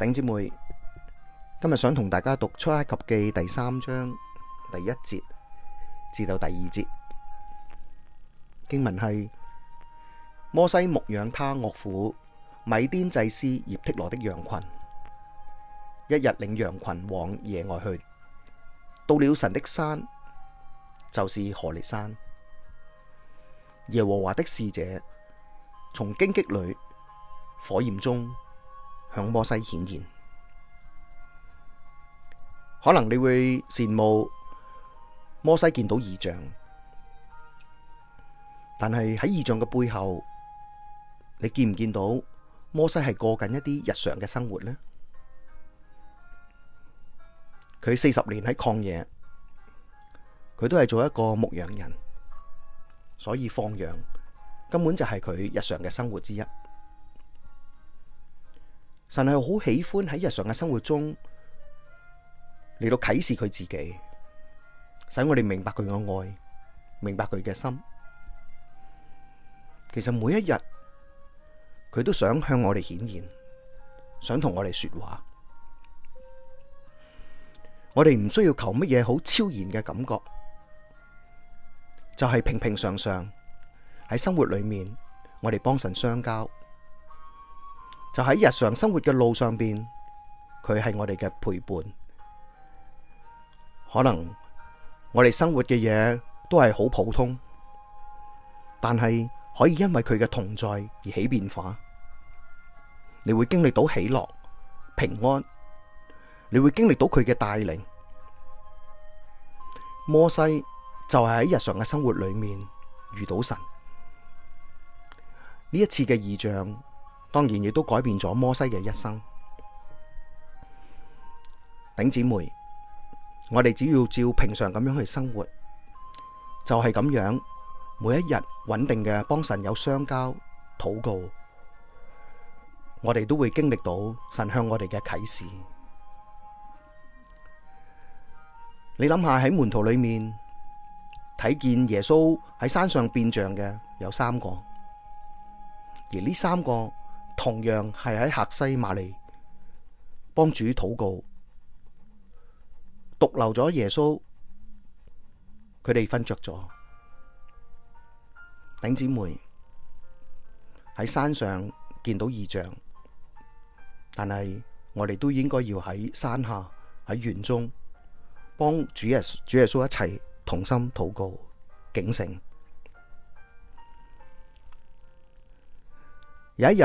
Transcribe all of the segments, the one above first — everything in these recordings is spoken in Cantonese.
頂姐妹，今日想同大家讀《出埃及記》第三章第一節至到第二節經文係：摩西牧養他岳父米甸祭司葉忒羅的羊群，一日領羊群往野外去，到了神的山，就是何烈山。耶和華的使者從荊棘裏火焰中。向摩西顯現，可能你會羨慕摩西見到異象，但係喺異象嘅背後，你見唔見到摩西係過緊一啲日常嘅生活呢？佢四十年喺曠野，佢都係做一個牧羊人，所以放羊根本就係佢日常嘅生活之一。神係好喜歡喺日常嘅生活中嚟到啟示佢自己，使我哋明白佢嘅愛，明白佢嘅心。其實每一日佢都想向我哋顯現，想同我哋說話。我哋唔需要求乜嘢好超然嘅感覺，就係平平常常喺生活裏面，我哋幫神相交。就喺日常生活嘅路上邊，佢係我哋嘅陪伴。可能我哋生活嘅嘢都係好普通，但係可以因為佢嘅同在而起變化。你會經歷到喜樂、平安，你會經歷到佢嘅帶領。摩西就係喺日常嘅生活裏面遇到神。呢一次嘅異象。當然亦都改變咗摩西嘅一生。頂姊妹，我哋只要照平常咁樣去生活，就係咁樣，每一日穩定嘅幫神有相交禱告，我哋都會經歷到神向我哋嘅啟示。你諗下喺門徒裏面睇見耶穌喺山上變像嘅有三個，而呢三個。同樣係喺客西馬利，幫主禱告，獨留咗耶穌，佢哋瞓着咗。頂姊妹，喺山上見到異象，但係我哋都應該要喺山下喺園中幫主耶穌主耶穌一齊同心禱告，警醒有一日。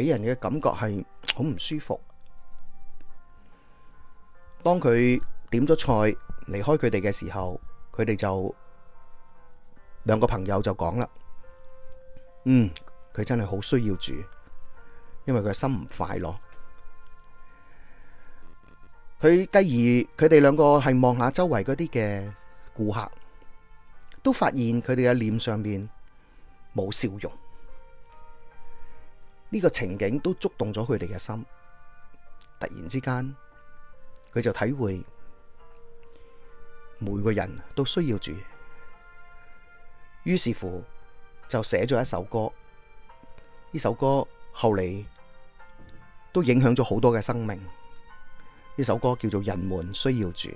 俾人嘅感覺係好唔舒服。當佢點咗菜離開佢哋嘅時候，佢哋就兩個朋友就講啦，嗯，佢真係好需要住，因為佢心唔快樂。佢繼而佢哋兩個係望下周圍嗰啲嘅顧客，都發現佢哋嘅臉上面冇笑容。呢個情景都觸動咗佢哋嘅心，突然之間佢就體會每個人都需要主，於是乎就寫咗一首歌。呢首歌後嚟都影響咗好多嘅生命。呢首歌叫做《人們需要主》。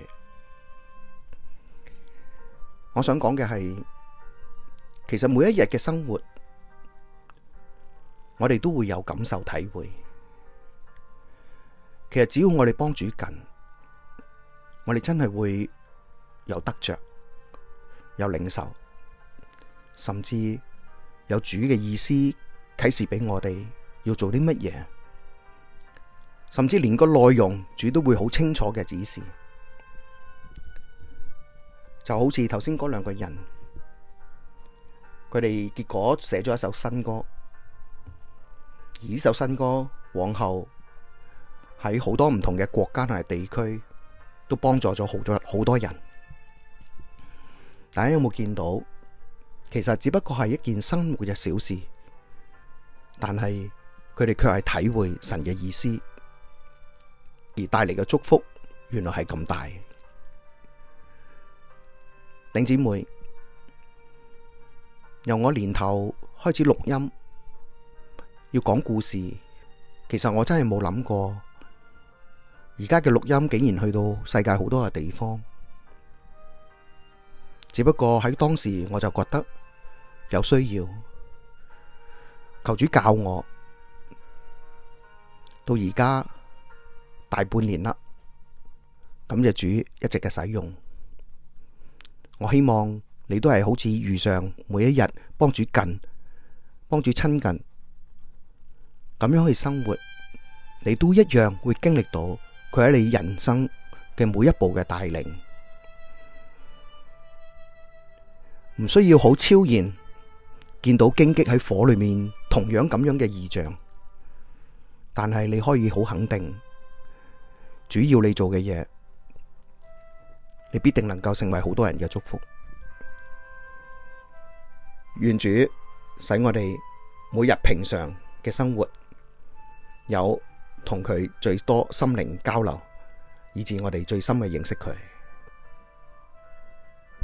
我想講嘅係，其實每一日嘅生活。我哋都會有感受體會，其實只要我哋幫主近，我哋真係會有得着，有領受，甚至有主嘅意思啟示俾我哋要做啲乜嘢，甚至連個內容主都會好清楚嘅指示，就好似頭先嗰兩個人，佢哋結果寫咗一首新歌。而呢首新歌往後喺好多唔同嘅國家同埋地區，都幫助咗好多好多人。大家有冇見到？其實只不過係一件生活嘅小事，但係佢哋卻係體會神嘅意思，而帶嚟嘅祝福原來係咁大。弟兄姊妹，由我年頭開始錄音。要講故事，其實我真係冇諗過，而家嘅錄音竟然去到世界好多嘅地方。只不過喺當時我就覺得有需要，求主教我。到而家大半年啦，咁嘅主一直嘅使用，我希望你都係好似遇上每一日幫主近，幫主親近。咁樣去生活，你都一樣會經歷到佢喺你人生嘅每一步嘅帶領，唔需要好超然見到荊棘喺火裏面同樣咁樣嘅異象，但係你可以好肯定，主要你做嘅嘢，你必定能夠成為好多人嘅祝福。願主使我哋每日平常嘅生活，有同佢最多心靈交流，以至我哋最深嘅認識佢。